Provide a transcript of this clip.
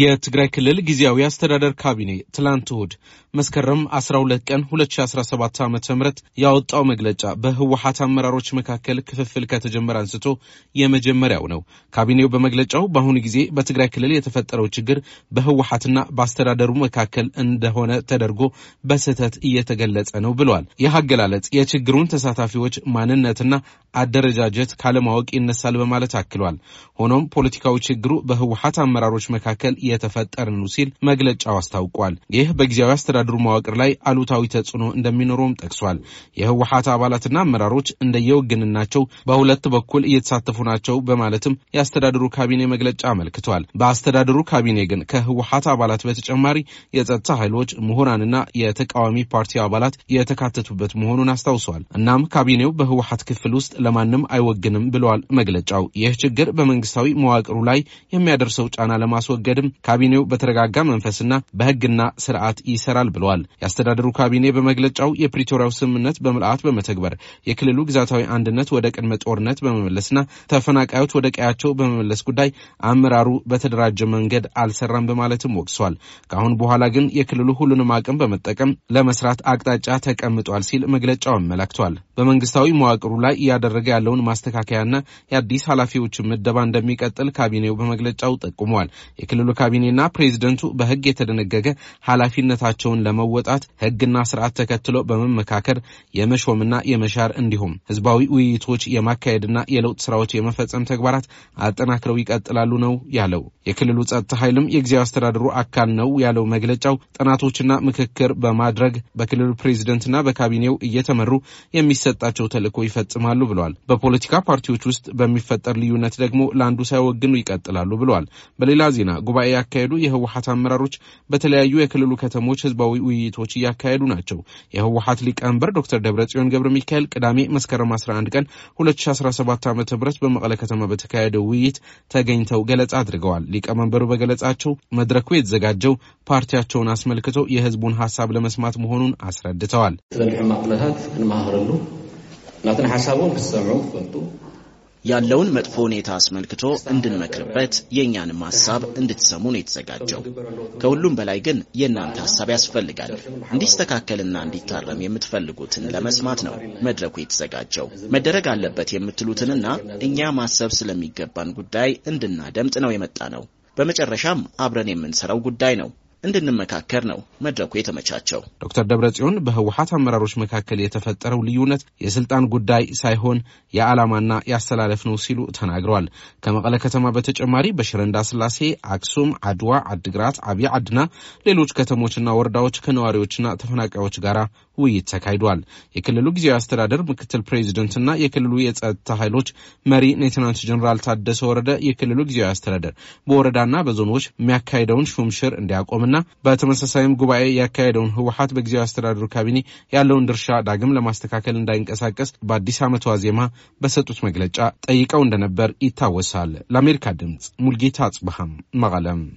የትግራይ ክልል ጊዜያዊ አስተዳደር ካቢኔ ትላንት እሁድ መስከረም 12 ቀን 2017 ዓ ም ያወጣው መግለጫ በህወሀት አመራሮች መካከል ክፍፍል ከተጀመረ አንስቶ የመጀመሪያው ነው። ካቢኔው በመግለጫው በአሁኑ ጊዜ በትግራይ ክልል የተፈጠረው ችግር በህወሀትና በአስተዳደሩ መካከል እንደሆነ ተደርጎ በስህተት እየተገለጸ ነው ብሏል። ይህ አገላለጽ የችግሩን ተሳታፊዎች ማንነትና አደረጃጀት ካለማወቅ ይነሳል በማለት አክሏል። ሆኖም ፖለቲካዊ ችግሩ በህወሀት አመራሮች መካከል ነው ሲል መግለጫው አስታውቋል። ይህ በጊዜያዊ አስተዳደሩ መዋቅር ላይ አሉታዊ ተጽዕኖ እንደሚኖረውም ጠቅሷል። የህወሀት አባላትና አመራሮች እንደየወግንናቸው በሁለት በኩል እየተሳተፉ ናቸው በማለትም የአስተዳደሩ ካቢኔ መግለጫ አመልክቷል። በአስተዳደሩ ካቢኔ ግን ከህወሀት አባላት በተጨማሪ የጸጥታ ኃይሎች፣ ምሁራንና የተቃዋሚ ፓርቲ አባላት የተካተቱበት መሆኑን አስታውሷል። እናም ካቢኔው በህወሀት ክፍል ውስጥ ለማንም አይወግንም ብለዋል መግለጫው። ይህ ችግር በመንግስታዊ መዋቅሩ ላይ የሚያደርሰው ጫና ለማስወገድም ካቢኔው በተረጋጋ መንፈስና በህግና ስርዓት ይሰራል ብለዋል። የአስተዳደሩ ካቢኔ በመግለጫው የፕሪቶሪያው ስምምነት በምልአት በመተግበር የክልሉ ግዛታዊ አንድነት ወደ ቅድመ ጦርነት በመመለስና ተፈናቃዮች ወደ ቀያቸው በመመለስ ጉዳይ አመራሩ በተደራጀ መንገድ አልሰራም በማለትም ወቅሷል። ከአሁን በኋላ ግን የክልሉ ሁሉንም አቅም በመጠቀም ለመስራት አቅጣጫ ተቀምጧል ሲል መግለጫው አመላክቷል። በመንግስታዊ መዋቅሩ ላይ እያደረገ ያለውን ማስተካከያና የአዲስ ኃላፊዎችን ምደባ እንደሚቀጥል ካቢኔው በመግለጫው ጠቁሟል። የክልሉ ካቢኔና ፕሬዚደንቱ በህግ የተደነገገ ኃላፊነታቸውን ለመወጣት ህግና ስርዓት ተከትሎ በመመካከር የመሾምና የመሻር እንዲሁም ህዝባዊ ውይይቶች የማካሄድና የለውጥ ስራዎች የመፈጸም ተግባራት አጠናክረው ይቀጥላሉ ነው ያለው። የክልሉ ጸጥታ ኃይልም የጊዜያዊ አስተዳደሩ አካል ነው ያለው መግለጫው ጥናቶችና ምክክር በማድረግ በክልሉ ፕሬዚደንትና በካቢኔው እየተመሩ የሚሰጣቸው ተልዕኮ ይፈጽማሉ ብለዋል። በፖለቲካ ፓርቲዎች ውስጥ በሚፈጠር ልዩነት ደግሞ ለአንዱ ሳይወግኑ ይቀጥላሉ ብለዋል። በሌላ ዜና ጉባኤ ያካሄዱ የህወሀት አመራሮች በተለያዩ የክልሉ ከተሞች ህዝባዊ ውይይቶች እያካሄዱ ናቸው። የህወሀት ሊቀመንበር ዶክተር ደብረጽዮን ገብረ ሚካኤል ቅዳሜ መስከረም 11 ቀን 2017 ዓ ም በመቀለ ከተማ በተካሄደው ውይይት ተገኝተው ገለጻ አድርገዋል። ሊቀመንበሩ በገለጻቸው መድረኩ የተዘጋጀው ፓርቲያቸውን አስመልክቶ የህዝቡን ሀሳብ ለመስማት መሆኑን አስረድተዋል። ናትን ያለውን መጥፎ ሁኔታ አስመልክቶ እንድንመክርበት የእኛንም ሀሳብ እንድትሰሙ ነው የተዘጋጀው። ከሁሉም በላይ ግን የእናንተ ሀሳብ ያስፈልጋል። እንዲስተካከልና እንዲታረም የምትፈልጉትን ለመስማት ነው መድረኩ የተዘጋጀው። መደረግ አለበት የምትሉትንና እኛ ማሰብ ስለሚገባን ጉዳይ እንድናደምጥ ነው የመጣ ነው። በመጨረሻም አብረን የምንሰራው ጉዳይ ነው። እንድንመካከር ነው መድረኩ የተመቻቸው። ዶክተር ደብረጽዮን በህወሀት አመራሮች መካከል የተፈጠረው ልዩነት የስልጣን ጉዳይ ሳይሆን የዓላማና ያስተላለፍ ነው ሲሉ ተናግረዋል። ከመቀለ ከተማ በተጨማሪ በሽረንዳ ስላሴ አክሱም፣ አድዋ፣ አድግራት፣ አብይ አድና ሌሎች ከተሞችና ወረዳዎች ከነዋሪዎችና ተፈናቃዮች ጋር ውይይት ተካሂዷል። የክልሉ ጊዜያዊ አስተዳደር ምክትል ፕሬዚደንትና የክልሉ የጸጥታ ኃይሎች መሪ ሌትናንት ጀኔራል ታደሰ ወረደ የክልሉ ጊዜያዊ አስተዳደር በወረዳና በዞኖች የሚያካሄደውን ሹምሽር እንዲያቆምና በተመሳሳይም ጉባኤ ያካሄደውን ህወሀት በጊዜያዊ አስተዳደሩ ካቢኔ ያለውን ድርሻ ዳግም ለማስተካከል እንዳይንቀሳቀስ በአዲስ ዓመቷ ዜማ በሰጡት መግለጫ ጠይቀው እንደነበር ይታወሳል። ለአሜሪካ ድምፅ ሙልጌታ አጽብሃም መቀለም